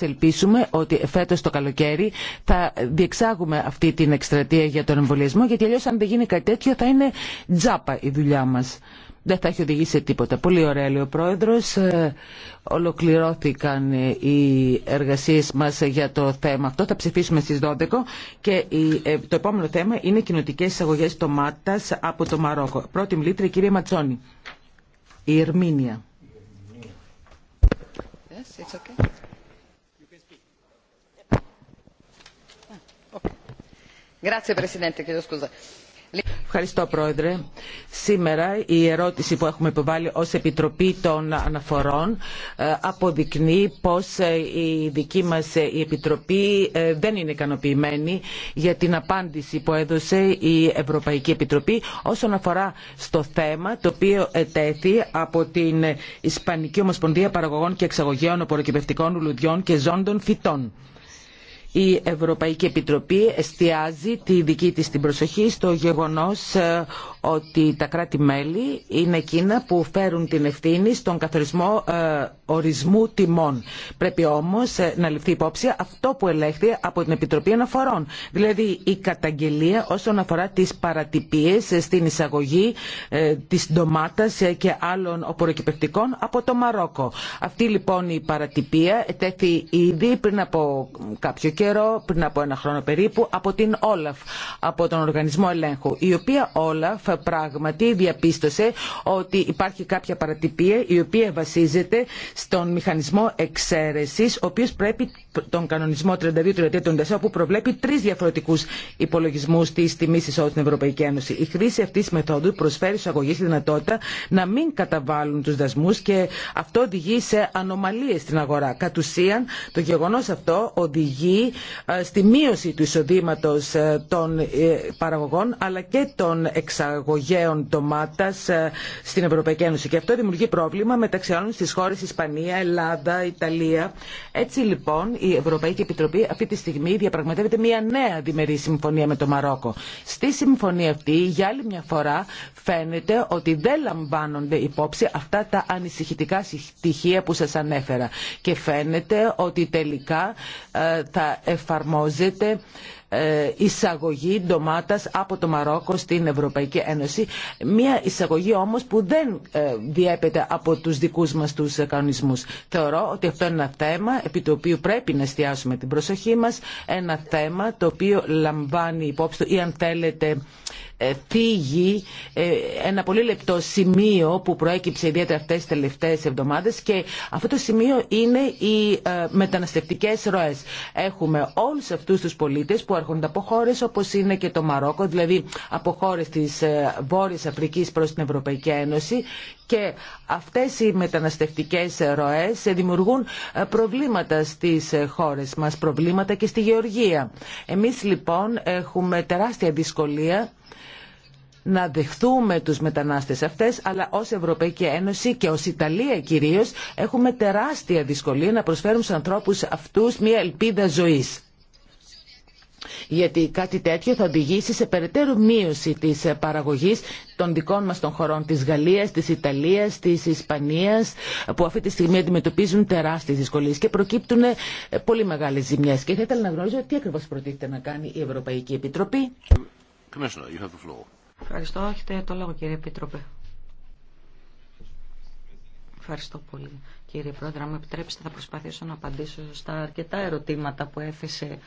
Ελπίσουμε ότι φέτος το καλοκαίρι θα διεξάγουμε αυτή την εκστρατεία για τον εμβολιασμό γιατί αλλιώς αν δεν γίνει κάτι τέτοιο θα είναι τζάπα η δουλειά μας. Δεν θα έχει οδηγήσει τίποτα. Πολύ ωραία λέει ο Πρόεδρος. Ε, ολοκληρώθηκαν οι εργασίες μας για το θέμα αυτό. Θα ψηφίσουμε στις 12 και ε, το επόμενο θέμα είναι κοινοτικές εισαγωγές τομάτας από το Μαρόκο. Πρώτη μιλήτρια κυρία Ματσόνη. Η Ερμήνια. Yes, it's okay. Ευχαριστώ Πρόεδρε. Σήμερα η ερώτηση που έχουμε υποβάλει ως Επιτροπή των Αναφορών ε, αποδεικνύει πως ε, η δική μας ε, η Επιτροπή δεν είναι ικανοποιημένη για την απάντηση που έδωσε η Ευρωπαϊκή Επιτροπή όσον αφορά στο θέμα το οποίο ετέθη από την Ισπανική Ομοσπονδία Παραγωγών και Εξαγωγέων Οποροκυπευτικών Ουλουδιών και Ζώντων Φυτών η Ευρωπαϊκή Επιτροπή εστιάζει τη δική της την προσοχή στο γεγονός ε, ότι τα κράτη-μέλη είναι εκείνα που φέρουν την ευθύνη στον καθορισμό ε, ορισμού τιμών. Πρέπει όμως ε, να ληφθεί υπόψη αυτό που ελέγχθη από την Επιτροπή Αναφορών. Δηλαδή η καταγγελία όσον αφορά τις παρατυπίες στην εισαγωγή ε, της ντομάτας και άλλων οποροκυπευτικών από το Μαρόκο. Αυτή λοιπόν η παρατυπία ετέθη ήδη πριν από κάποιο καιρό, πριν από ένα χρόνο περίπου, από την Όλαφ, από τον Οργανισμό Ελέγχου, η οποία Όλαφ πράγματι διαπίστωσε ότι υπάρχει κάποια παρατυπία η οποία βασίζεται στον μηχανισμό εξαίρεσης ο οποίος πρέπει τον κανονισμό 32-34 που προβλέπει τρεις διαφορετικούς υπολογισμούς της τιμής εισόδου στην Ευρωπαϊκή Ένωση. Η χρήση αυτής της μεθόδου προσφέρει στους αγωγείς τη δυνατότητα να μην καταβάλουν τους δασμούς και αυτό οδηγεί σε ανομαλίες στην αγορά. Κατ' ουσίαν το γεγονός αυτό οδηγεί ε, στη μείωση του εισοδήματο ε, των ε, παραγωγών αλλά και των εξαγωγών αγωγέων ντομάτα ε, στην Ευρωπαϊκή Ένωση. Και αυτό δημιουργεί πρόβλημα μεταξύ άλλων στις χώρες Ισπανία, Ελλάδα, Ιταλία. Έτσι λοιπόν η Ευρωπαϊκή Επιτροπή αυτή τη στιγμή διαπραγματεύεται μια νέα διμερή συμφωνία με το Μαρόκο. Στη συμφωνία αυτή για άλλη μια φορά φαίνεται ότι δεν λαμβάνονται υπόψη αυτά τα ανησυχητικά στοιχεία που σας ανέφερα. Και φαίνεται ότι τελικά ε, θα εφαρμόζεται ε, εισαγωγή ντομάτας από το Μαρόκο στην Ευρωπαϊκή Ένωση. Μία εισαγωγή όμως που δεν ε, διέπεται από τους δικούς μας τους κανονισμούς. Θεωρώ ότι αυτό είναι ένα θέμα επί το οποίο πρέπει να εστιάσουμε την προσοχή μας, ένα θέμα το οποίο λαμβάνει υπόψη του ή αν θέλετε ε, φύγει ε, ένα πολύ λεπτό σημείο που προέκυψε ιδιαίτερα αυτές τις τελευταίες εβδομάδες και αυτό το σημείο είναι οι ε, μεταναστευτικές ροές. Έχουμε όλους αυτούς τους πολίτες που έρχονται από χώρες όπως είναι και το Μαρόκο, δηλαδή από χώρες της Βόρειας Αφρικής προς την Ευρωπαϊκή Ένωση και αυτές οι μεταναστευτικές ροές δημιουργούν προβλήματα στις χώρες μας, προβλήματα και στη γεωργία. Εμείς λοιπόν έχουμε τεράστια δυσκολία να δεχθούμε τους μετανάστες αυτές, αλλά ως Ευρωπαϊκή Ένωση και ως Ιταλία κυρίως έχουμε τεράστια δυσκολία να προσφέρουμε στους ανθρώπους αυτούς μια ελπίδα ζωής. Γιατί κάτι τέτοιο θα οδηγήσει σε περαιτέρω μείωση της παραγωγής των δικών μας των χωρών, της Γαλλίας, της Ιταλίας, της Ισπανίας, που αυτή τη στιγμή αντιμετωπίζουν τεράστιες δυσκολίες και προκύπτουν πολύ μεγάλες ζημιές. Και θα ήθελα να γνωρίζω τι ακριβώς προτίθεται να κάνει η Ευρωπαϊκή Επιτροπή. Commissioner, Ευχαριστώ. Έχετε το λόγο κύριε Επίτροπε. Ευχαριστώ πολύ κύριε Πρόεδρε. Αν μου επιτρέψετε θα προσπαθήσω να απαντήσω στα αρκετά ερωτήματα που έθεσε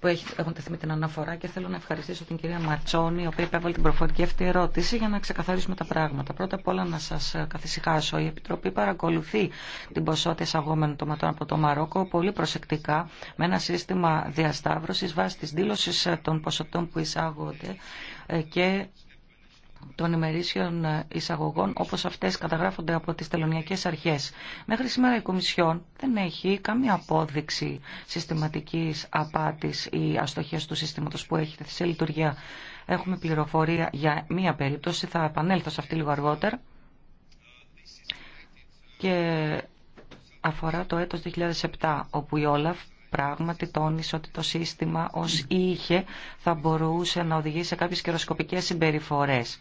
που έχουν τεθεί με την αναφορά και θέλω να ευχαριστήσω την κυρία Μαρτσόνη, η οποία υπέβαλε την προφορική αυτή ερώτηση για να ξεκαθαρίσουμε τα πράγματα. Πρώτα απ' όλα να σα ε, καθησυχάσω. Η Επιτροπή παρακολουθεί την ποσότητα εισαγόμενων τοματών από το Μαρόκο πολύ προσεκτικά με ένα σύστημα διασταύρωση βάσει τη δήλωση ε, των ποσοτών που εισάγονται ε, και των ημερήσιων ε, εισαγωγών όπως αυτές καταγράφονται από τις τελωνιακές αρχές. Μέχρι σήμερα η Κομισιόν δεν έχει καμία απόδειξη συστηματικής απάτης ή αστοχίας του συστήματος που έχει σε λειτουργία. Έχουμε πληροφορία για μία περίπτωση, θα επανέλθω σε αυτή λίγο αργότερα. Και αφορά το έτος 2007, όπου η Όλαφ πράγματι τόνισε ότι το σύστημα ως είχε θα μπορούσε να οδηγήσει σε κάποιες καιροσκοπικές συμπεριφορές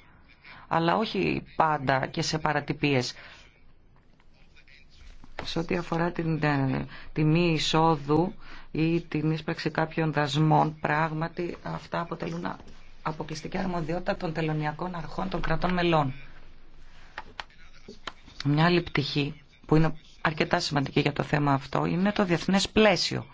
αλλά όχι πάντα και σε παρατυπίες. Σε ό,τι αφορά την ε, τιμή εισόδου ή την ίσπραξη κάποιων δασμών, πράγματι αυτά αποτελούν αποκλειστική αρμοδιότητα των τελωνιακών αρχών των κρατών μελών. Μια άλλη πτυχή που είναι αρκετά σημαντική για το θέμα αυτό είναι το διεθνές πλαίσιο,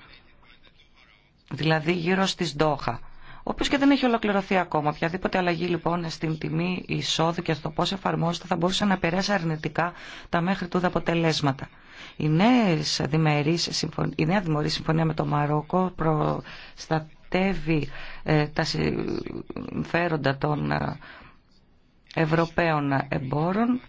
δηλαδή γύρω στις Ντόχα οποίο και δεν έχει ολοκληρωθεί ακόμα. Οποιαδήποτε αλλαγή λοιπόν στην τιμή εισόδου και στο πώ εφαρμόζεται θα μπορούσε να περάσει αρνητικά τα μέχρι τούδα αποτελέσματα. Η νέα δημορή συμφωνία με το Μαρόκο προστατεύει ε, τα συμφέροντα των ε, Ευρωπαίων εμπόρων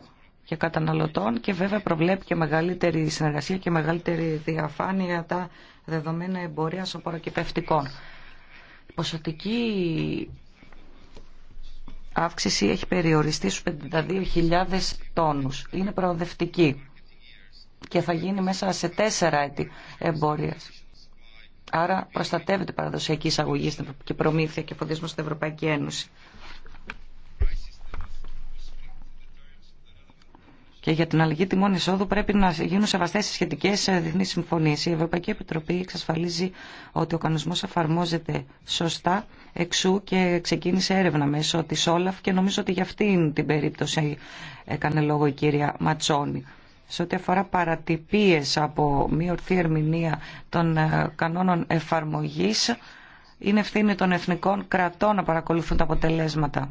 και καταναλωτών και βέβαια προβλέπει και μεγαλύτερη συνεργασία και μεγαλύτερη διαφάνεια τα δεδομένα εμπορία οπωροκυπευτικών ποσοτική αύξηση έχει περιοριστεί στους 52.000 τόνους. Είναι προοδευτική και θα γίνει μέσα σε τέσσερα έτη εμπόριας. Άρα προστατεύεται η παραδοσιακή εισαγωγή και προμήθεια και φοδίσμα στην Ευρωπαϊκή Ένωση. και για την αλλαγή τιμών εισόδου πρέπει να γίνουν σεβαστέ οι σχετικέ ε, διεθνεί συμφωνίε. Η Ευρωπαϊκή Επιτροπή εξασφαλίζει ότι ο κανονισμό εφαρμόζεται σωστά εξού και ξεκίνησε έρευνα μέσω τη Όλαφ και νομίζω ότι για αυτήν την περίπτωση έκανε λόγο η κυρία Ματσόνη. Σε ό,τι αφορά παρατυπίες από μη ορθή ερμηνεία των ε, κανόνων εφαρμογή, είναι ευθύνη των εθνικών κρατών να παρακολουθούν τα αποτελέσματα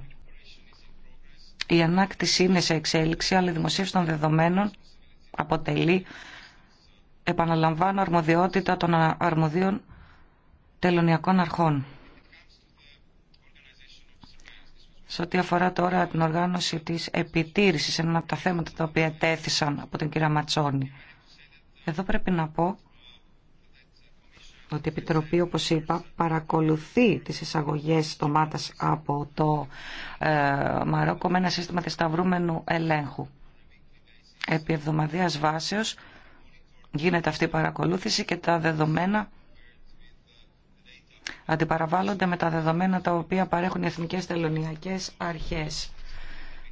η ανάκτηση είναι σε εξέλιξη, αλλά η δημοσίευση των δεδομένων αποτελεί, επαναλαμβάνω, αρμοδιότητα των αρμοδίων τελωνιακών αρχών. Σε ό,τι αφορά τώρα την οργάνωση της επιτήρησης, ένα από τα θέματα τα οποία τέθησαν από την κυρία Ματσόνη. Εδώ πρέπει να πω ότι η Επιτροπή, όπως είπα, παρακολουθεί τις εισαγωγές τομάτας από το ε, Μαρόκο με ένα σύστημα ταυρούμενου ελέγχου. Επί εβδομαδίας βάσεως γίνεται αυτή η παρακολούθηση και τα δεδομένα αντιπαραβάλλονται με τα δεδομένα τα οποία παρέχουν οι εθνικές τελωνιακές αρχές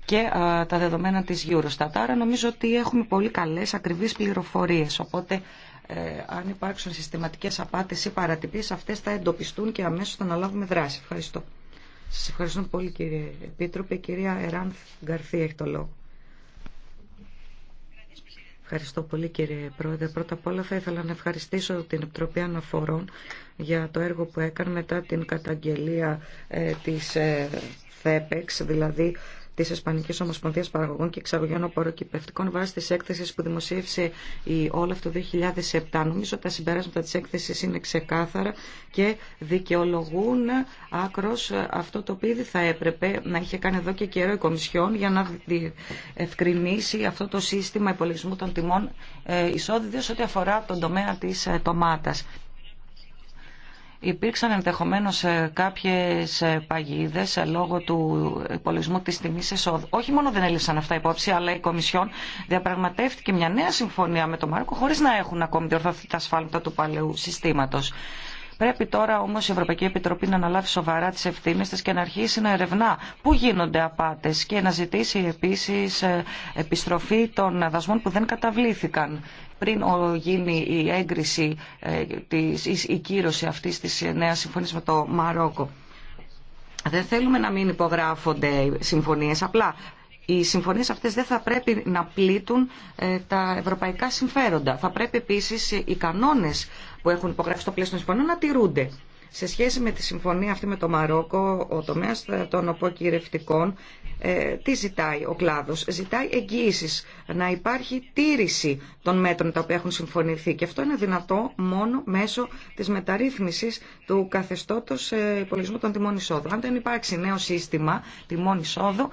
και τα δεδομένα της Eurostat. Άρα νομίζω ότι έχουμε πολύ καλές ακριβείς πληροφορίες, οπότε ε, αν υπάρξουν συστηματικές απάτες ή παρατυπίες, αυτές θα εντοπιστούν και αμέσως θα αναλάβουμε δράση. Ευχαριστώ. Σας ευχαριστώ πολύ κύριε Επίτροπε. Κυρία ερανθ γκαρθη έχει το λόγο. Ευχαριστώ πολύ κύριε Πρόεδρε. Πρώτα απ' όλα θα ήθελα να ευχαριστήσω την Επιτροπή Αναφορών για το έργο που έκανε μετά την καταγγελία ε, της ΘΕΠΕΞ, e δηλαδή τη Ισπανική Ομοσπονδία Παραγωγών και Εξαγωγών Οποροκυπευτικών βάσει τη έκθεση που δημοσίευσε η Όλαφ το 2007. Νομίζω τα συμπεράσματα τη έκθεση είναι ξεκάθαρα και δικαιολογούν άκρο αυτό το οποίο θα έπρεπε να είχε κάνει εδώ και καιρό η Κομισιόν για να ευκρινίσει αυτό το σύστημα υπολογισμού των τιμών ε, εισόδηδε ό,τι αφορά τον τομέα τη ε, ντομάτα. Υπήρξαν ενδεχομένω ε, κάποιε παγίδε ε, λόγω του υπολογισμού τη τιμή εσόδου. Όχι μόνο δεν έλειψαν αυτά υπόψη, αλλά η Κομισιόν διαπραγματεύτηκε μια νέα συμφωνία με τον Μάρκο χωρί να έχουν ακόμη διορθωθεί τα ασφάλματα του παλαιού συστήματο. Πρέπει τώρα όμως η Ευρωπαϊκή Επιτροπή να αναλάβει σοβαρά τις ευθύνες της και να αρχίσει να ερευνά πού γίνονται απάτες και να ζητήσει επίσης ε, επιστροφή των δασμών που δεν καταβλήθηκαν πριν γίνει η έγκριση, ε, η κύρωση αυτής της νέας συμφωνίας με το Μαρόκο. Δεν θέλουμε να μην υπογράφονται συμφωνίες, απλά οι συμφωνίες αυτές δεν θα πρέπει να πλήττουν ε, τα ευρωπαϊκά συμφέροντα. Θα πρέπει επίσης οι κανόνες που έχουν υπογράφει στο πλαίσιο των συμφωνίων να τηρούνται. Σε σχέση με τη συμφωνία αυτή με το Μαρόκο, ο τομέας των αποκυρευτικών, ε, τι ζητάει ο κλάδος. Ζητάει εγγύηση να υπάρχει τήρηση των μέτρων τα οποία έχουν συμφωνηθεί και αυτό είναι δυνατό μόνο μέσω της μεταρρύθμισης του καθεστώτος ε, υπολογισμού των τιμών εισόδου. Αν δεν υπάρξει νέο σύστημα τιμών εισόδου,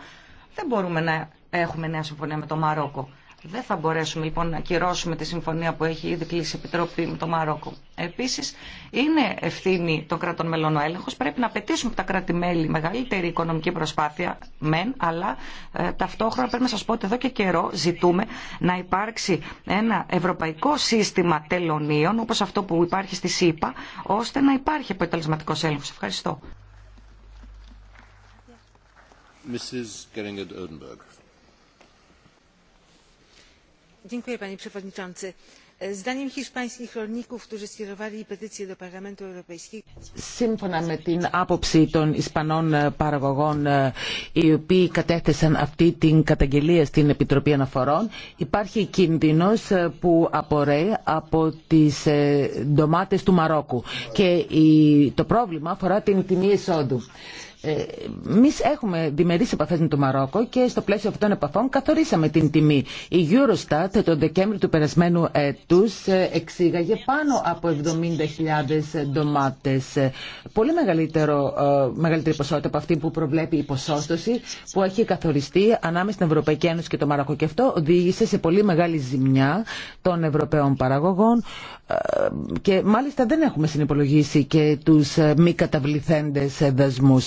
δεν μπορούμε να έχουμε νέα συμφωνία με το Μαρόκο. Δεν θα μπορέσουμε λοιπόν να κυρώσουμε τη συμφωνία που έχει ήδη κλείσει η Επιτροπή με το Μαρόκο. Επίση, είναι ευθύνη των κρατών μελών ο έλεγχο. Πρέπει να απαιτήσουμε από τα κράτη-μέλη μεγαλύτερη οικονομική προσπάθεια, μεν, αλλά ε, ταυτόχρονα πρέπει να σα πω ότι εδώ και καιρό ζητούμε να υπάρξει ένα ευρωπαϊκό σύστημα τελωνίων, όπω αυτό που υπάρχει στη ΣΥΠΑ, ώστε να υπάρχει αποτελεσματικό έλεγχο. Ευχαριστώ. Σύμφωνα με την άποψη των Ισπανών παραγωγών οι οποίοι κατέθεσαν αυτή την καταγγελία στην Επιτροπή Αναφορών υπάρχει κίνδυνος που απορρέει από τις ε, ντομάτες του Μαρόκου και το πρόβλημα αφορά την τιμή εισόδου. Ε, Εμεί έχουμε διμερεί επαφέ με το Μαρόκο και στο πλαίσιο αυτών των επαφών καθορίσαμε την τιμή. Η Eurostat τον Δεκέμβρη του περασμένου έτου ε, εξήγαγε πάνω από 70.000 ντομάτε. Ε, πολύ μεγαλύτερο, μεγαλύτερη ποσότητα από αυτή που προβλέπει η ποσόστοση που έχει καθοριστεί ανάμεσα στην Ευρωπαϊκή Ένωση και το Μαρόκο. Και αυτό οδήγησε σε πολύ μεγάλη ζημιά των Ευρωπαίων παραγωγών και μάλιστα δεν έχουμε συνυπολογίσει και του μη καταβληθέντε δασμού.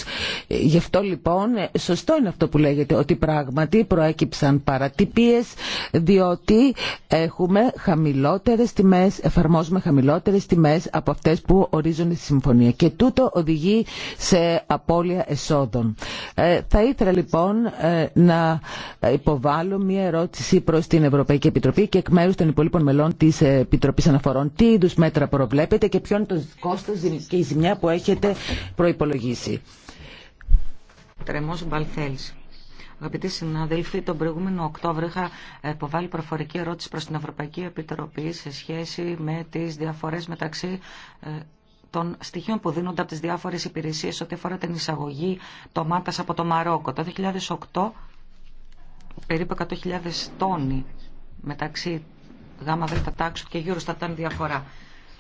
Γι' αυτό λοιπόν σωστό είναι αυτό που λέγεται ότι πράγματι προέκυψαν παρατυπίες διότι έχουμε χαμηλότερες τιμές, εφαρμόζουμε χαμηλότερες τιμές από αυτές που ορίζονται στη συμφωνία και τούτο οδηγεί σε απώλεια εσόδων. Ε, θα ήθελα λοιπόν ε, να υποβάλω μία ερώτηση προς την Ευρωπαϊκή Επιτροπή και εκ μέρους των υπολείπων μελών της Επιτροπής Αναφορών. Τι είδους μέτρα προβλέπετε και ποιο είναι το κόστος και η ζημιά που έχετε προϋπολογίσει τρεμό Μπαλθέλ. Αγαπητοί συνάδελφοι, τον προηγούμενο Οκτώβριο είχα ε, υποβάλει προφορική ερώτηση προ την Ευρωπαϊκή Επιτροπή σε σχέση με τι διαφορέ μεταξύ ε, των στοιχείων που δίνονται από τι διάφορες υπηρεσίε ό,τι αφορά την εισαγωγή τομάτα από το Μαρόκο. Το 2008 περίπου 100.000 τόνοι μεταξύ γάμα τάξου και γύρω στα ήταν διαφορά.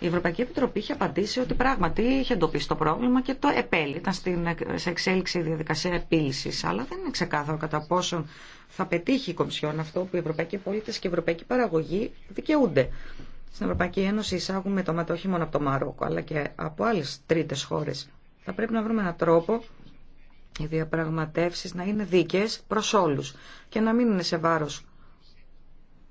Η Ευρωπαϊκή Επιτροπή είχε απαντήσει ότι πράγματι είχε εντοπίσει το πρόβλημα και το επέλει. Ήταν στην, σε εξέλιξη διαδικασία επίλυση. Αλλά δεν είναι ξεκάθαρο κατά πόσον θα πετύχει η Κομισιόν αυτό που οι Ευρωπαϊκοί πολίτε και η Ευρωπαϊκή παραγωγή δικαιούνται. Στην Ευρωπαϊκή Ένωση εισάγουμε το όχι μόνο από το Μαρόκο, αλλά και από άλλε τρίτε χώρε. Θα πρέπει να βρούμε έναν τρόπο οι διαπραγματεύσει να είναι δίκαιε προ όλου και να μην είναι σε βάρο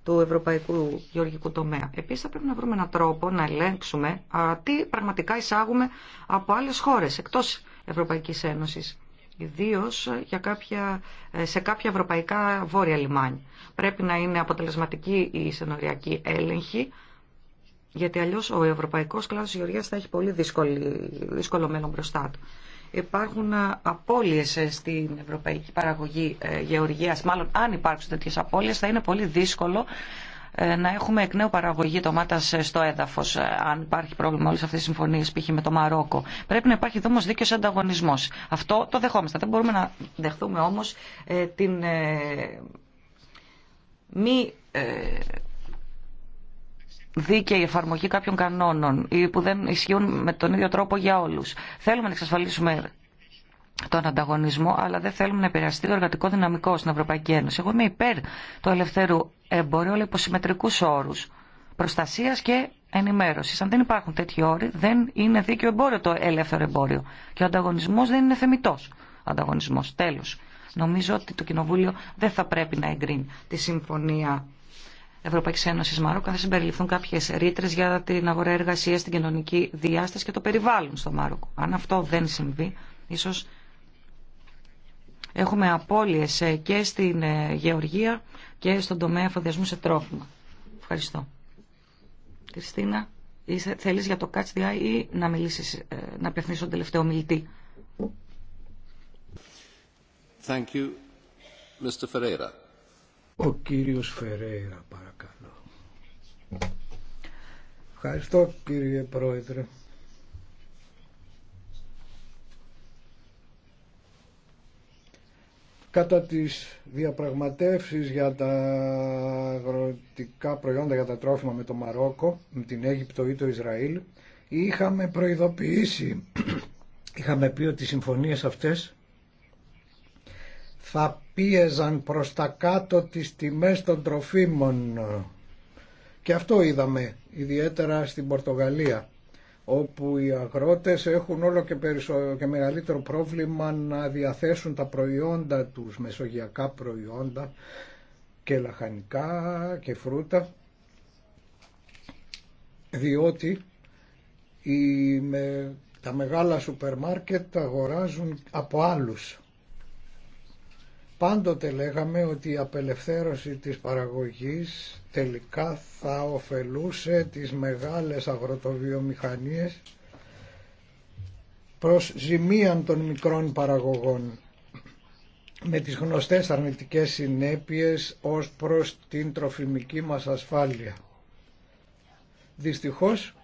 του ευρωπαϊκού γεωργικού τομέα. Επίσης θα πρέπει να βρούμε έναν τρόπο να ελέγξουμε τι πραγματικά εισάγουμε από άλλες χώρες εκτός Ευρωπαϊκής Ένωσης. Ιδίω ε, κάποια, ε, σε κάποια ευρωπαϊκά βόρεια λιμάνια. Πρέπει να είναι αποτελεσματική η συνοριακή έλεγχη, γιατί αλλιώς ο ευρωπαϊκός κλάδος Γεωργίας θα έχει πολύ δύσκολο μέλλον μπροστά του υπάρχουν απώλειες ε, στην ευρωπαϊκή παραγωγή ε, γεωργίας. Μάλλον αν υπάρξουν τέτοιες απώλειες θα είναι πολύ δύσκολο ε, να έχουμε εκ νέου παραγωγή ντομάτα στο έδαφο, αν υπάρχει πρόβλημα όλε αυτέ τι συμφωνίε, π.χ. με το Μαρόκο. Πρέπει να υπάρχει όμω δίκαιο ανταγωνισμό. Αυτό το δεχόμαστε. Δεν μπορούμε να δεχθούμε όμω την μη δίκαιη εφαρμογή κάποιων κανόνων ή που δεν ισχύουν με τον ίδιο τρόπο για όλους. Θέλουμε να εξασφαλίσουμε τον ανταγωνισμό, αλλά δεν θέλουμε να επηρεαστεί το εργατικό δυναμικό στην Ευρωπαϊκή Ένωση. Εγώ είμαι υπέρ του ελευθέρου εμπορίου, αλλά υπό συμμετρικού όρου προστασία και ενημέρωση. Αν δεν υπάρχουν τέτοιοι όροι, δεν είναι δίκαιο εμπόριο το ελεύθερο εμπόριο. Και ο ανταγωνισμό δεν είναι θεμητό ανταγωνισμό. Τέλο. Νομίζω ότι το Κοινοβούλιο δεν θα πρέπει να εγκρίνει τη συμφωνία Ευρωπαϊκή Ένωση Μαρόκο, θα συμπεριληφθούν κάποιε ρήτρε για την αγορά εργασία, την κοινωνική διάσταση και το περιβάλλον στο Μαρόκο. Αν αυτό δεν συμβεί, ίσω έχουμε απώλειε ε, και στην ε, γεωργία και στον τομέα εφοδιασμού σε τρόφιμα. Ευχαριστώ. Κριστίνα, θέλει θέλεις για το Catch the Eye ή να μιλήσει ε, να απευθύνει τον τελευταίο μιλητή. Thank you, Mr. Ferreira. Ο κύριος Φερέιρα παρακαλώ. Ευχαριστώ κύριε Πρόεδρε. Κατά τις διαπραγματεύσεις για τα αγροτικά προϊόντα για τα τρόφιμα με το Μαρόκο, με την Αίγυπτο ή το Ισραήλ, είχαμε προειδοποιήσει, είχαμε πει ότι οι συμφωνίες αυτές θα πίεζαν προς τα κάτω τις τιμές των τροφίμων. Και αυτό είδαμε ιδιαίτερα στην Πορτογαλία όπου οι αγρότες έχουν όλο και, μεγαλύτερο πρόβλημα να διαθέσουν τα προϊόντα τους, μεσογειακά προϊόντα και λαχανικά και φρούτα, διότι οι... τα μεγάλα σούπερ μάρκετ αγοράζουν από άλλους Πάντοτε λέγαμε ότι η απελευθέρωση της παραγωγής τελικά θα ωφελούσε τις μεγάλες αγροτοβιομηχανίες προς ζημίαν των μικρών παραγωγών με τις γνωστές αρνητικές συνέπειες ως προς την τροφιμική μας ασφάλεια. Δυστυχώς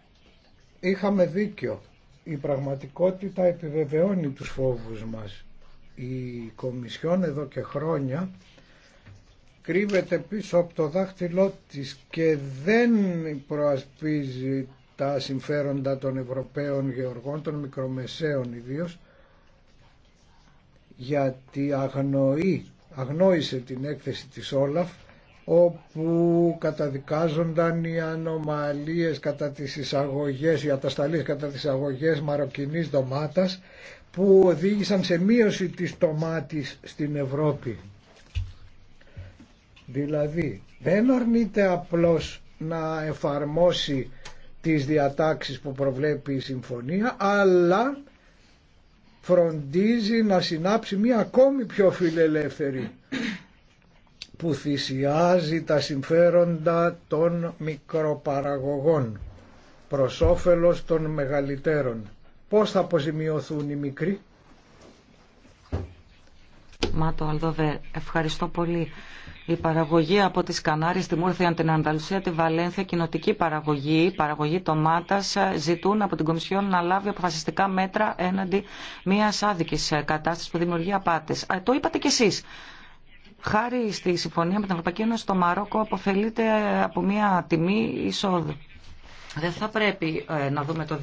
είχαμε δίκιο. Η πραγματικότητα επιβεβαιώνει τους φόβους μας η Κομισιόν εδώ και χρόνια κρύβεται πίσω από το δάχτυλό της και δεν προασπίζει τα συμφέροντα των Ευρωπαίων γεωργών, των μικρομεσαίων ιδίως, γιατί αγνοεί, αγνόησε την έκθεση της Όλαφ όπου καταδικάζονταν οι ανομαλίες κατά τις εισαγωγές, οι ατασταλείς κατά τις εισαγωγές μαροκινής ντομάτας που οδήγησαν σε μείωση της τομάτης στην Ευρώπη. Δηλαδή δεν αρνείται απλώς να εφαρμόσει τις διατάξεις που προβλέπει η συμφωνία αλλά φροντίζει να συνάψει μία ακόμη πιο φιλελεύθερη που θυσιάζει τα συμφέροντα των μικροπαραγωγών προς όφελος των μεγαλύτερων. Πώς θα αποζημιωθούν οι μικροί. Μάτο Αλδοβέ, ευχαριστώ πολύ. Η παραγωγή από τις Κανάρες, τη Μούρθια, την Ανταλουσία, τη Βαλένθια, κοινοτική παραγωγή, παραγωγή τομάτας, ζητούν από την Κομισιόν να λάβει αποφασιστικά μέτρα έναντι μιας άδικης κατάστασης που δημιουργεί απάτες. Το είπατε κι εσείς. Χάρη στη συμφωνία με την Ευρωπαϊκή Ένωση, το Μαρόκο αποφελείται από μια τιμή εισόδου δεν θα πρέπει ε, να δούμε το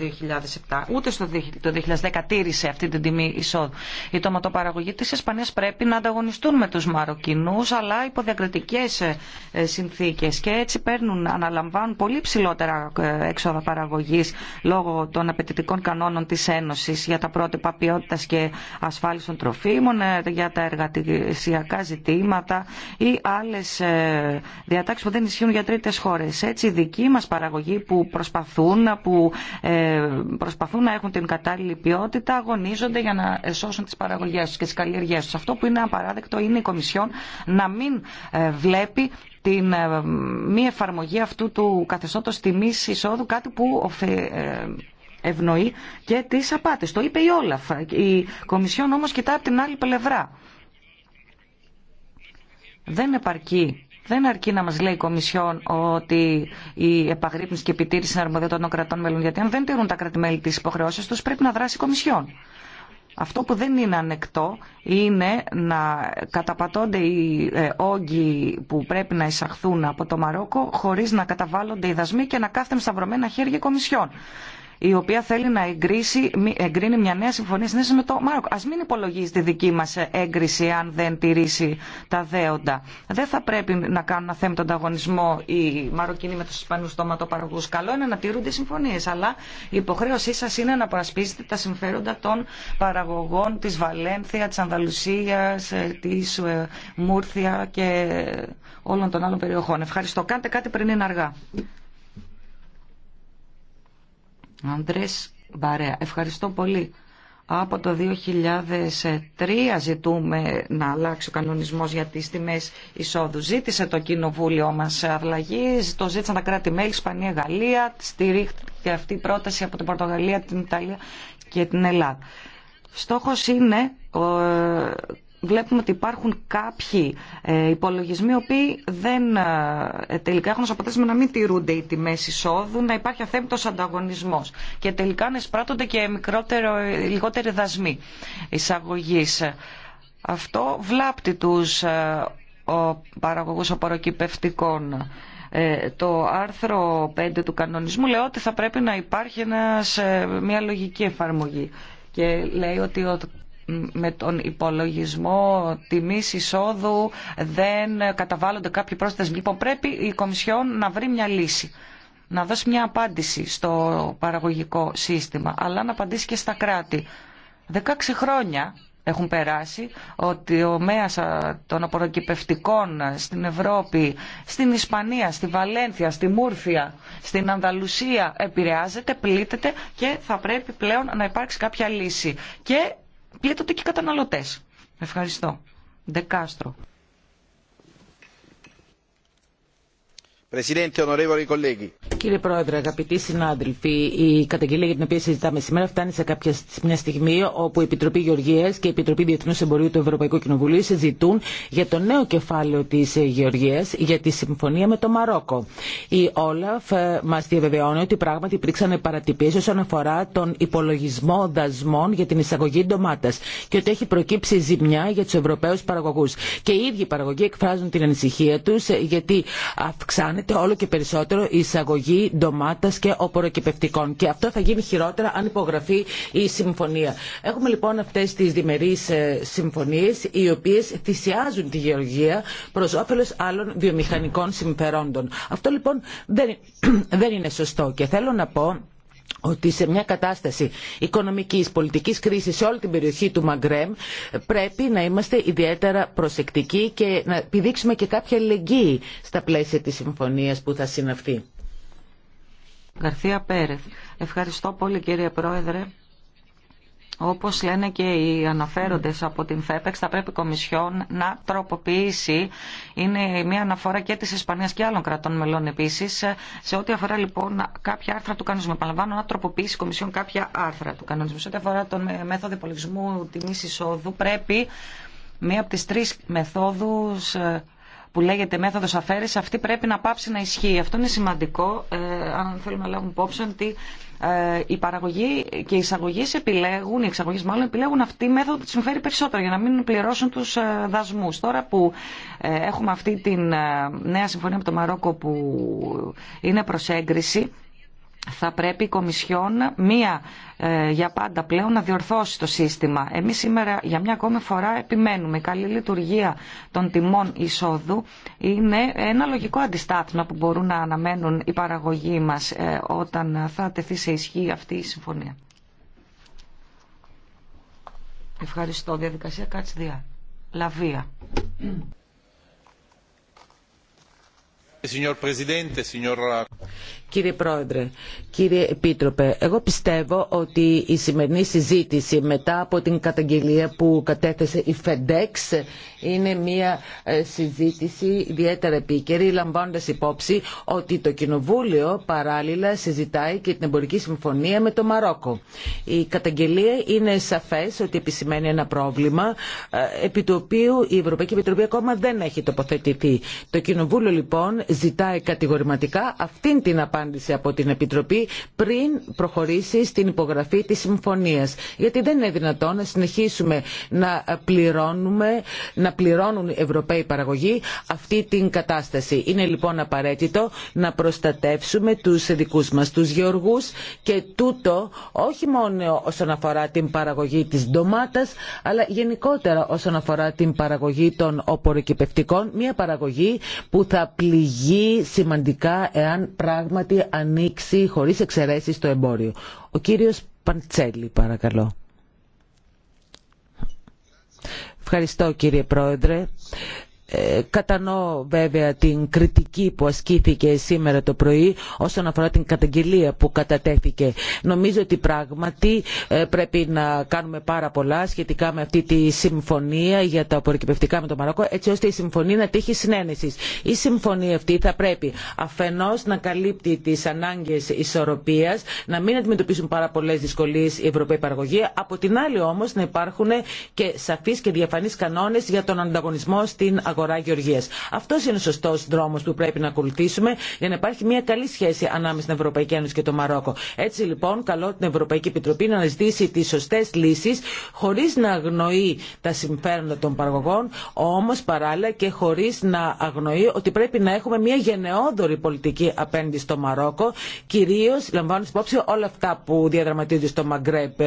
2007, ούτε στο, το 2010 τήρησε αυτή την τιμή εισόδου. Η τοματοπαραγωγή της Ισπανίας πρέπει να ανταγωνιστούν με τους Μαροκινούς, αλλά υπό διακριτικές ε, ε, συνθήκες και έτσι παίρνουν, αναλαμβάνουν πολύ ψηλότερα έξοδα παραγωγής λόγω των απαιτητικών κανόνων της Ένωσης για τα πρότυπα ποιότητα και ασφάλιση των τροφίμων, για τα εργατικά ζητήματα ή άλλες διατάξεις που δεν ισχύουν για τρίτες χώρες. Έτσι η δική μας παραγωγή που προσπαθούν, που ε, προσπαθούν να έχουν την κατάλληλη ποιότητα, αγωνίζονται για να σώσουν τις παραγωγές τους και τις καλλιεργίες τους. Αυτό που είναι απαράδεκτο είναι η Κομισιόν να μην ε, βλέπει την ε, μη εφαρμογή αυτού του καθεστώτος τιμής εισόδου, κάτι που ευνοεί και τις απάτες. Το είπε η Όλαφ. Η Κομισιόν όμως κοιτά από την άλλη πλευρά. Δεν επαρκεί δεν αρκεί να μα λέει η Κομισιόν ότι η επαγρύπνηση και επιτήρηση είναι αρμοδιότητα των κρατών μέλων. Γιατί αν δεν τηρούν τα κράτη-μέλη τι υποχρεώσει του, πρέπει να δράσει η Κομισιόν. Αυτό που δεν είναι ανεκτό είναι να καταπατώνται οι ε, όγκοι που πρέπει να εισαχθούν από το Μαρόκο χωρίς να καταβάλλονται οι δασμοί και να κάθεται σταυρωμένα χέρια κομισιών η οποία θέλει να εγκρίσει, εγκρίνει μια νέα συμφωνία συνέσης με το Μάροκο. Ας μην υπολογίζει τη δική μας έγκριση αν δεν τηρήσει τα δέοντα. Δεν θα πρέπει να κάνουν να τον ανταγωνισμό οι Μαροκινοί με τους Ισπανούς στοματοπαραγωγού. Καλό είναι να τηρούνται οι συμφωνίες, αλλά η υποχρέωσή σας είναι να προασπίσετε τα συμφέροντα των παραγωγών της Βαλένθια, της Ανδαλουσίας, ε, της ε, Μούρθια και όλων των άλλων περιοχών. Ευχαριστώ. Κάντε κάτι πριν είναι αργά. Αντρές Μπαρέα, ευχαριστώ πολύ. Από το 2003 ζητούμε να αλλάξει ο κανονισμός για τις τιμές εισόδου. Ζήτησε το κοινοβούλιο μας αλλαγή, το ζήτησαν τα κράτη-μέλη, Ισπανία, Γαλλία, στηρίχθηκε αυτή η πρόταση από την Πορτογαλία, την Ιταλία και την Ελλάδα. Στόχος είναι βλέπουμε ότι υπάρχουν κάποιοι ε, υπολογισμοί οι οποίοι δεν, ε, τελικά έχουν ως αποτέλεσμα να μην τηρούνται οι τιμές εισόδου, να υπάρχει αθέμητος ανταγωνισμός και τελικά να εισπράττονται και μικρότερο, λιγότεροι δασμοί εισαγωγής. Αυτό βλάπτει τους ε, ο παραγωγούς απορροκυπευτικών. το άρθρο 5 του κανονισμού λέει ότι θα πρέπει να υπάρχει μια λογική εφαρμογή και λέει ότι ο με τον υπολογισμό τιμή εισόδου δεν καταβάλλονται κάποιοι πρόσθεσμοι. Λοιπόν, πρέπει η Κομισιόν να βρει μια λύση να δώσει μια απάντηση στο παραγωγικό σύστημα, αλλά να απαντήσει και στα κράτη. 16 χρόνια έχουν περάσει ότι ο μέας των απορροκυπευτικών στην Ευρώπη, στην Ισπανία, στη Βαλένθια, στη Μούρφια, στην Ανδαλουσία επηρεάζεται, πλήττεται και θα πρέπει πλέον να υπάρξει κάποια λύση. Και πλήττονται και οι καταναλωτές. Ευχαριστώ. Δεκάστρο. Κύριε Πρόεδρε, αγαπητοί συνάδελφοι, η καταγγελία για την οποία συζητάμε σήμερα φτάνει σε κάποια μια στιγμή όπου η Επιτροπή Γεωργία και η Επιτροπή Διεθνού Εμπορίου του Ευρωπαϊκού Κοινοβουλίου συζητούν για το νέο κεφάλαιο τη ε, Γεωργία για τη συμφωνία με το Μαρόκο. Η Όλαφ ε, μα διαβεβαιώνει ότι πράγματι υπήρξαν παρατυπίε όσον αφορά τον υπολογισμό δασμών για την εισαγωγή ντομάτα και ότι έχει προκύψει ζημιά για του Ευρωπαίου παραγωγού. Και οι ίδιοι παραγωγοί εκφράζουν την ανησυχία του ε, γιατί αυξάνεται αυξάνεται όλο και περισσότερο η εισαγωγή ντομάτας και οποροκυπευτικών και αυτό θα γίνει χειρότερα αν υπογραφεί η συμφωνία. Έχουμε λοιπόν αυτές τις διμερείς ε, συμφωνίες οι οποίες θυσιάζουν τη γεωργία προς όφελος άλλων βιομηχανικών συμφερόντων. Αυτό λοιπόν δεν είναι σωστό και θέλω να πω ότι σε μια κατάσταση οικονομικής, πολιτικής κρίσης σε όλη την περιοχή του Μαγκρέμ ε, πρέπει να είμαστε ιδιαίτερα προσεκτικοί και να επιδείξουμε και κάποια λεγγύη στα πλαίσια της συμφωνίας που θα συναυθεί. Ευχαριστώ πολύ κύριε Πρόεδρε. Όπως λένε και οι αναφέροντες από την ΦΕΠΕΞ, θα πρέπει η Κομισιόν να τροποποιήσει. Είναι μια αναφορά και της Ισπανίας και άλλων κρατών μελών επίσης. Σε ό,τι αφορά λοιπόν κάποια άρθρα του κανονισμού. Επαναλαμβάνω να τροποποιήσει η Κομισιόν κάποια άρθρα του κανονισμού. Σε ό,τι αφορά τον μέθοδο υπολογισμού τιμής εισόδου, πρέπει μία από τις τρεις μεθόδους ε, που λέγεται μέθοδος αφαίρεση, αυτή πρέπει να πάψει να ισχύει. Αυτό είναι σημαντικό, ε, αν θέλουμε να λάβουμε υπόψη, ότι οι ε, παραγωγή και οι εισαγωγέ επιλέγουν, οι εξαγωγέ μάλλον επιλέγουν αυτή η μέθοδο που του συμφέρει περισσότερο για να μην πληρώσουν του ε, δασμού. Τώρα που ε, έχουμε αυτή τη νέα συμφωνία με το Μαρόκο που είναι προ έγκριση, θα πρέπει η Κομισιόν μία ε, για πάντα πλέον να διορθώσει το σύστημα. Εμείς σήμερα για μια ακόμη φορά επιμένουμε. Η καλή λειτουργία των τιμών εισόδου είναι ένα λογικό αντιστάθμα που μπορούν να αναμένουν οι παραγωγοί μας ε, όταν θα τεθεί σε ισχύ αυτή η συμφωνία. Ευχαριστώ. Διαδικασία δια. Λαβία. Signor Presidente, signor Κύριε Πρόεδρε, κύριε Επίτροπε, εγώ πιστεύω ότι η σημερινή συζήτηση μετά από την καταγγελία που κατέθεσε η FedEx είναι μια ε, συζήτηση ιδιαίτερα επίκαιρη, λαμβάνοντας υπόψη ότι το Κοινοβούλιο παράλληλα συζητάει και την εμπορική συμφωνία με το Μαρόκο. Η καταγγελία είναι σαφές ότι επισημαίνει ένα πρόβλημα ε, επί του οποίου η Ευρωπαϊκή Επιτροπή ακόμα δεν έχει τοποθετηθεί. Το Κοινοβούλιο λοιπόν ζητάει κατηγορηματικά αυτήν την απάντηση από την Επιτροπή πριν προχωρήσει στην υπογραφή της συμφωνίας. Γιατί δεν είναι δυνατόν να συνεχίσουμε να πληρώνουμε, να πληρώνουν οι Ευρωπαίοι παραγωγοί αυτή την κατάσταση. Είναι λοιπόν απαραίτητο να προστατεύσουμε τους δικούς μας, τους γεωργούς και τούτο όχι μόνο όσον αφορά την παραγωγή της ντομάτας αλλά γενικότερα όσον αφορά την παραγωγή των οπωροκυπευτικών, μια παραγωγή που θα πληγεί σημαντικά εάν πράγματι ανοίξει χωρίς εξαιρέσεις το εμπόριο. Ο κύριος Παντσέλη παρακαλώ. Ευχαριστώ κύριε Πρόεδρε. Ε, κατανοώ βέβαια την κριτική που ασκήθηκε σήμερα το πρωί όσον αφορά την καταγγελία που κατατέθηκε. Νομίζω ότι πράγματι ε, πρέπει να κάνουμε πάρα πολλά σχετικά με αυτή τη συμφωνία για τα απορροκυπευτικά με το Μαρόκο έτσι ώστε η συμφωνία να τύχει συνένεση. Η συμφωνία αυτή θα πρέπει αφενό να καλύπτει τι ανάγκε ισορροπία, να μην αντιμετωπίσουν πάρα πολλέ δυσκολίε η Ευρωπαϊκή παραγωγή, από την άλλη όμω να υπάρχουν και σαφεί και διαφανεί κανόνε για τον ανταγωνισμό στην αγορά αγορά γεωργίας. Αυτός είναι ο σωστός δρόμος που πρέπει να ακολουθήσουμε για να υπάρχει μια καλή σχέση ανάμεσα στην Ευρωπαϊκή Ένωση και το Μαρόκο. Έτσι λοιπόν καλώ την Ευρωπαϊκή Επιτροπή να αναζητήσει τις σωστές λύσεις χωρίς να αγνοεί τα συμφέροντα των παραγωγών όμως παράλληλα και χωρίς να αγνοεί ότι πρέπει να έχουμε μια γενναιόδορη πολιτική απέναντι στο Μαρόκο κυρίως λαμβάνω υπόψη όλα αυτά που διαδραματίζονται στο Μαγκρέπ.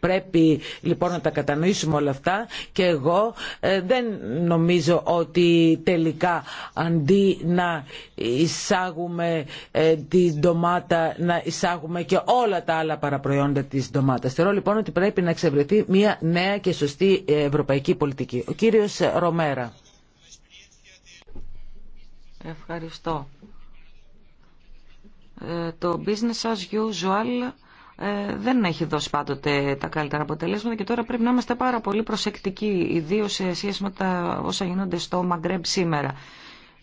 Πρέπει λοιπόν να τα κατανοήσουμε όλα αυτά και εγώ ε, δεν νομίζω ότι ότι τελικά αντί να εισάγουμε ε, την ντομάτα να εισάγουμε και όλα τα άλλα παραπροϊόντα της ντομάτας. Θεωρώ λοιπόν ότι πρέπει να εξευρεθεί μια νέα και σωστή ε, ευρωπαϊκή πολιτική. Ο κύριος Ρομέρα. Ευχαριστώ. Ε, το business as usual ε, δεν έχει δώσει πάντοτε τα καλύτερα αποτελέσματα και τώρα πρέπει να είμαστε πάρα πολύ προσεκτικοί, ιδίω σε σχέση με τα όσα γίνονται στο Μαγκρέμπ σήμερα.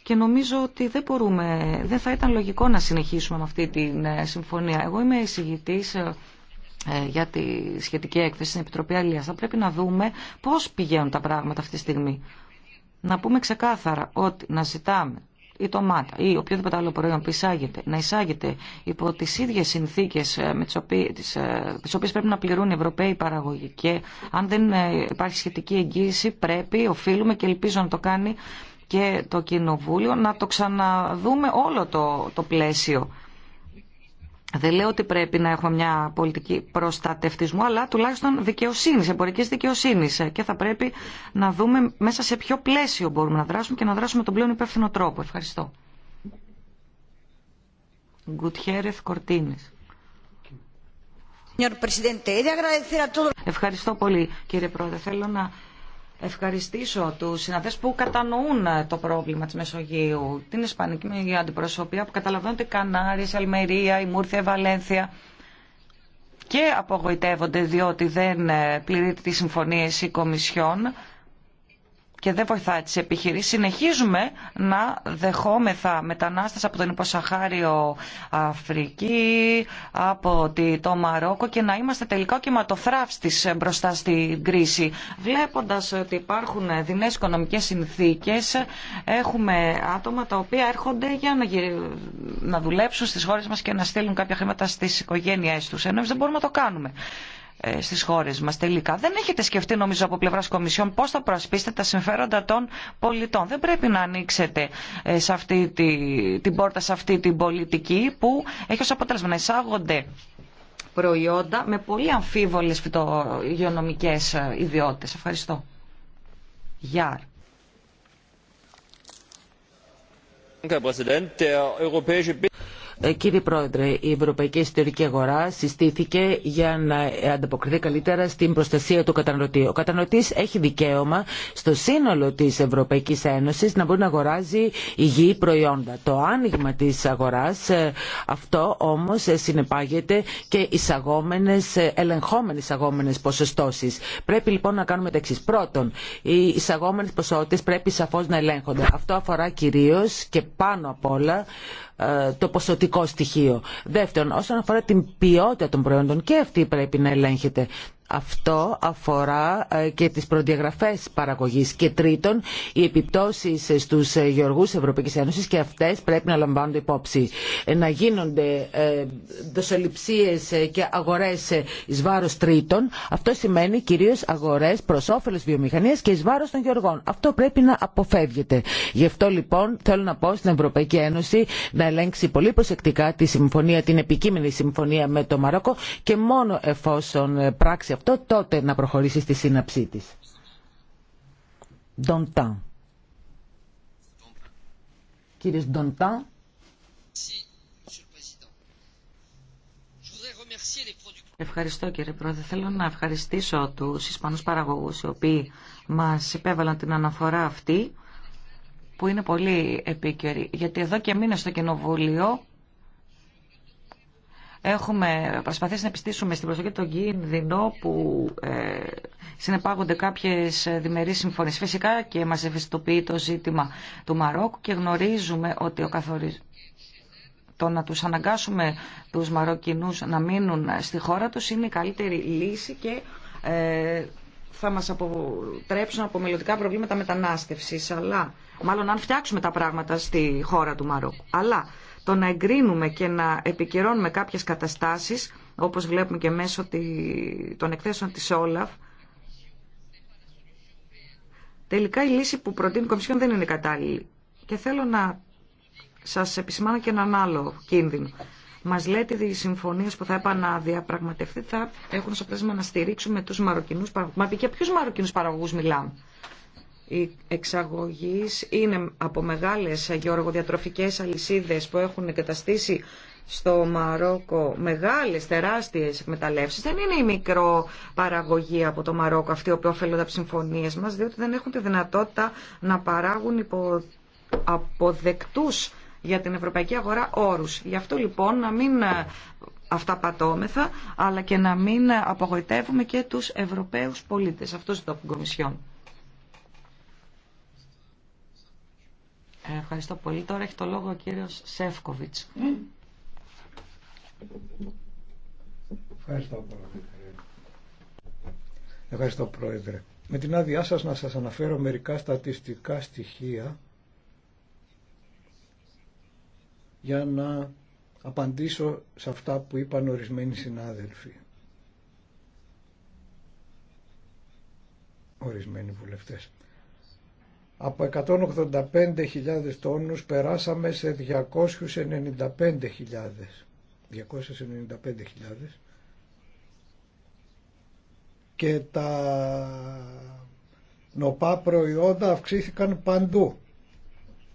Και νομίζω ότι δεν μπορούμε, δεν θα ήταν λογικό να συνεχίσουμε με αυτή τη ε, συμφωνία. Εγώ είμαι εισηγητής ε, για τη σχετική έκθεση στην Επιτροπή Αλίας. Θα πρέπει να δούμε πώς πηγαίνουν τα πράγματα αυτή τη στιγμή. Να πούμε ξεκάθαρα ότι να ζητάμε η τομάτα ή οποιοδήποτε άλλο προϊόν που εισάγεται να εισάγεται υπό τις ίδιες συνθήκες ε, με ε, τις οποίες, πρέπει να πληρούν οι Ευρωπαίοι παραγωγοί και αν δεν ε, υπάρχει σχετική εγγύηση πρέπει, οφείλουμε και ελπίζω να το κάνει και το Κοινοβούλιο να το ξαναδούμε όλο το, το πλαίσιο δεν λέω ότι πρέπει να έχουμε μια πολιτική προστατευτισμού, αλλά τουλάχιστον δικαιοσύνη, εμπορική δικαιοσύνη. Και θα πρέπει να δούμε μέσα σε ποιο πλαίσιο μπορούμε να δράσουμε και να δράσουμε τον πλέον υπεύθυνο τρόπο. Ευχαριστώ. Γκουτιέρεθ Κορτίνη. Ευχαριστώ πολύ κύριε Πρόεδρε. Θέλω να ευχαριστήσω τους συναδέλφους που κατανοούν ε, το πρόβλημα της Μεσογείου, την Ισπανική αντιπροσωπεία που καταλαβαίνουν ότι Κανάρις, Αλμερία, η Μούρθια, η Βαλένθια και απογοητεύονται διότι δεν ε, πληρείται τις συμφωνίες η Κομισιόν και δεν βοηθάει τις επιχειρήσεις. Συνεχίζουμε να δεχόμεθα μετανάστες από τον υποσαχάριο Αφρική, από το Μαρόκο και να είμαστε τελικά ο κυματοθράφστης μπροστά στην κρίση. Βλέποντας ότι υπάρχουν δεινές οικονομικές συνθήκες, έχουμε άτομα τα οποία έρχονται για να, να δουλέψουν στις χώρες μας και να στείλουν κάποια χρήματα στις οικογένειές τους. Ενώ δεν μπορούμε να το κάνουμε. Ε, στις χώρες μας τελικά. Δεν έχετε σκεφτεί νομίζω από πλευρά Κομισιόν πώς θα προασπίσετε τα συμφέροντα των πολιτών. Δεν πρέπει να ανοίξετε ε, σε αυτή τη, την πόρτα σε αυτή την πολιτική που έχει ω αποτέλεσμα να εισάγονται προϊόντα με πολύ αμφίβολες φυτογειονομικές ε, ιδιότητες. Ευχαριστώ. Γεια. Herr Präsident, der Europäische ε, κύριε Πρόεδρε, η Ευρωπαϊκή Ιστορική Αγορά συστήθηκε για να ανταποκριθεί καλύτερα στην προστασία του καταναλωτή. Ο καταναλωτή έχει δικαίωμα στο σύνολο τη Ευρωπαϊκή Ένωση να μπορεί να αγοράζει υγιή προϊόντα. Το άνοιγμα τη αγορά ε, αυτό όμω συνεπάγεται και εισαγόμενε, ελεγχόμενε εισαγόμενε ποσοστώσει. Πρέπει λοιπόν να κάνουμε τα εξή. Πρώτον, οι εισαγόμενε ποσότητε πρέπει σαφώ να ελέγχονται. Αυτό αφορά κυρίω και πάνω απ' όλα ε, το ποσοτικό στοιχείο. Δεύτερον, όσον αφορά την ποιότητα των προϊόντων, και αυτή πρέπει να ελέγχεται αυτό αφορά ε, και τις προδιαγραφές παραγωγής και τρίτον οι επιπτώσεις στους ε, γεωργούς Ευρωπαϊκής Ένωσης και αυτές πρέπει να λαμβάνονται υπόψη ε, να γίνονται δοσοληψίες και αγορές εις βάρος τρίτων αυτό σημαίνει κυρίως αγορές προς όφελος βιομηχανίας και εις βάρος των γεωργών αυτό πρέπει να αποφεύγεται γι' αυτό λοιπόν θέλω να πω στην Ευρωπαϊκή Ένωση να ελέγξει πολύ προσεκτικά τη συμφωνία, την επικείμενη συμφωνία με το Μαρόκο και μόνο εφόσον πράξει Γι' αυτό, τότε να προχωρήσει στη σύναψή της. Κύριε Ευχαριστώ κύριε Πρόεδρε. Θέλω να ευχαριστήσω τους Ισπανούς παραγωγούς οι οποίοι μας υπέβαλαν την αναφορά αυτή που είναι πολύ επίκαιρη. Γιατί εδώ και μήνες στο Κοινοβούλιο Έχουμε προσπαθήσει να επιστήσουμε στην προσοχή των κίνδυνο που ε, συνεπάγονται κάποιες διμερείς συμφωνίες. Φυσικά και μας ευαισθητοποιεί το ζήτημα του Μαρόκου και γνωρίζουμε ότι ο καθορισμός το να τους αναγκάσουμε τους Μαροκινούς να μείνουν στη χώρα τους είναι η καλύτερη λύση και ε, θα μας αποτρέψουν από μελλοντικά προβλήματα μετανάστευσης, αλλά μάλλον αν φτιάξουμε τα πράγματα στη χώρα του Μαρόκου. Αλλά το να εγκρίνουμε και να επικυρώνουμε κάποιες καταστάσεις, όπως βλέπουμε και μέσω των εκθέσεων της Όλαφ, τελικά η λύση που προτείνει η Κομισιόν δεν είναι κατάλληλη. Και θέλω να σας επισημάνω και έναν άλλο κίνδυνο. Μα λέτε ότι οι συμφωνίε που θα επαναδιαπραγματευτεί θα έχουν σαν να στηρίξουμε του Μαροκινού παραγωγού. Μα και ποιου Μαροκινού παραγωγού μιλάμε οι είναι από μεγάλες γεωργοδιατροφικέ αλυσίδες που έχουν εγκαταστήσει στο Μαρόκο μεγάλες, τεράστιες εκμεταλλεύσεις. Δεν είναι η μικρό παραγωγή από το Μαρόκο αυτή που ωφελούνται από συμφωνίες μας, διότι δεν έχουν τη δυνατότητα να παράγουν υπό αποδεκτούς για την ευρωπαϊκή αγορά όρους. Γι' αυτό λοιπόν να μην αυτά πατώμεθα, αλλά και να μην απογοητεύουμε και τους Ευρωπαίους πολίτες. Αυτό ζητώ από την Κομισιόν. Ευχαριστώ πολύ. Τώρα έχει το λόγο ο κύριος Σεύκοβιτς. Ευχαριστώ πολύ. Ευχαριστώ Πρόεδρε. Με την άδειά σας να σας αναφέρω μερικά στατιστικά στοιχεία για να απαντήσω σε αυτά που είπαν ορισμένοι συνάδελφοι. Ορισμένοι βουλευτές από 185.000 τόνους περάσαμε σε 295.000 295.000 και τα νοπά προϊόντα αυξήθηκαν παντού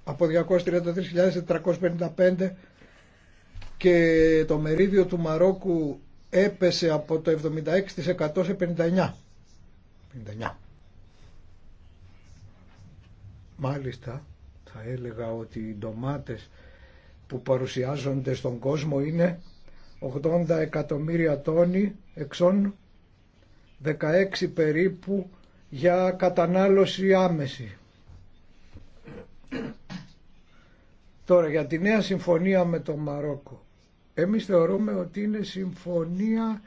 από 233.455 και το μερίδιο του Μαρόκου έπεσε από το 76% σε 59. Μάλιστα, θα έλεγα ότι οι ντομάτες που παρουσιάζονται στον κόσμο είναι 80 εκατομμύρια τόνοι εξών 16 περίπου για κατανάλωση άμεση. Τώρα για τη νέα συμφωνία με το Μαρόκο. Εμείς θεωρούμε ότι είναι συμφωνία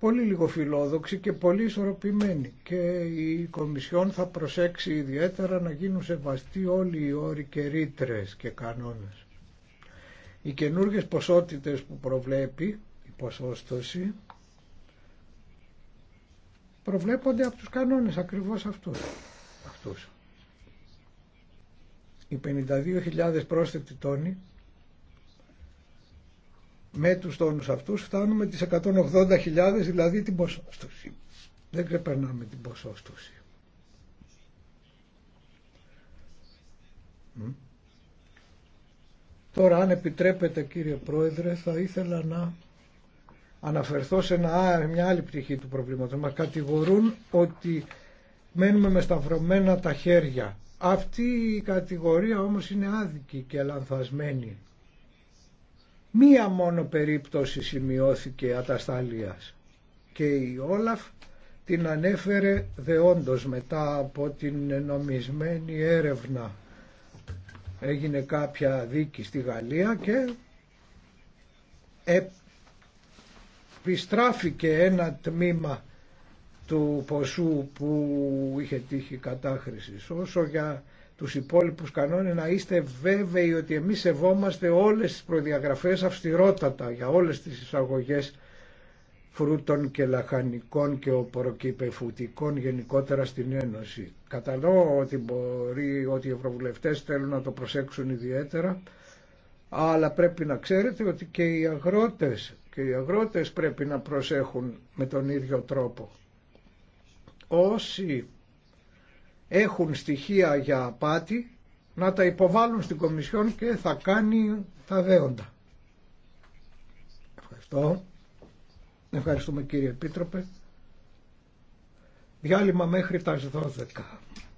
πολύ λίγο και πολύ ισορροπημένη και η Κομισιόν θα προσέξει ιδιαίτερα να γίνουν σεβαστοί όλοι οι όροι και ρήτρε και κανόνες. Οι καινούργιες ποσότητες που προβλέπει η ποσόστοση προβλέπονται από τους κανόνες ακριβώς αυτούς. αυτούς. Οι 52.000 πρόσθετοι τόνοι με τους τόνους αυτούς φτάνουμε τις 180.000 δηλαδή την ποσόστοση. Δεν ξεπερνάμε την ποσόστοση. Τώρα αν επιτρέπετε κύριε Πρόεδρε θα ήθελα να αναφερθώ σε ένα, μια άλλη πτυχή του προβλήματος. Μας κατηγορούν ότι μένουμε με σταυρωμένα τα χέρια. Αυτή η κατηγορία όμως είναι άδικη και λανθασμένη. Μία μόνο περίπτωση σημειώθηκε ατασταλίας και η Όλαφ την ανέφερε δεόντως μετά από την νομισμένη έρευνα. Έγινε κάποια δίκη στη Γαλλία και επιστράφηκε ένα τμήμα του ποσού που είχε τύχει κατάχρησης. Όσο για τους υπόλοιπους κανόνες να είστε βέβαιοι ότι εμείς σεβόμαστε όλες τις προδιαγραφές αυστηρότατα για όλες τις εισαγωγές φρούτων και λαχανικών και οποροκυπεφουτικών γενικότερα στην Ένωση. Κατανοώ ότι, μπορεί, ότι οι ευρωβουλευτές θέλουν να το προσέξουν ιδιαίτερα, αλλά πρέπει να ξέρετε ότι και οι αγρότες, και οι αγρότες πρέπει να προσέχουν με τον ίδιο τρόπο όσοι έχουν στοιχεία για απάτη να τα υποβάλουν στην Κομισιόν και θα κάνει τα δέοντα. Ευχαριστώ. Ευχαριστούμε κύριε Επίτροπε. Διάλειμμα μέχρι τα 12.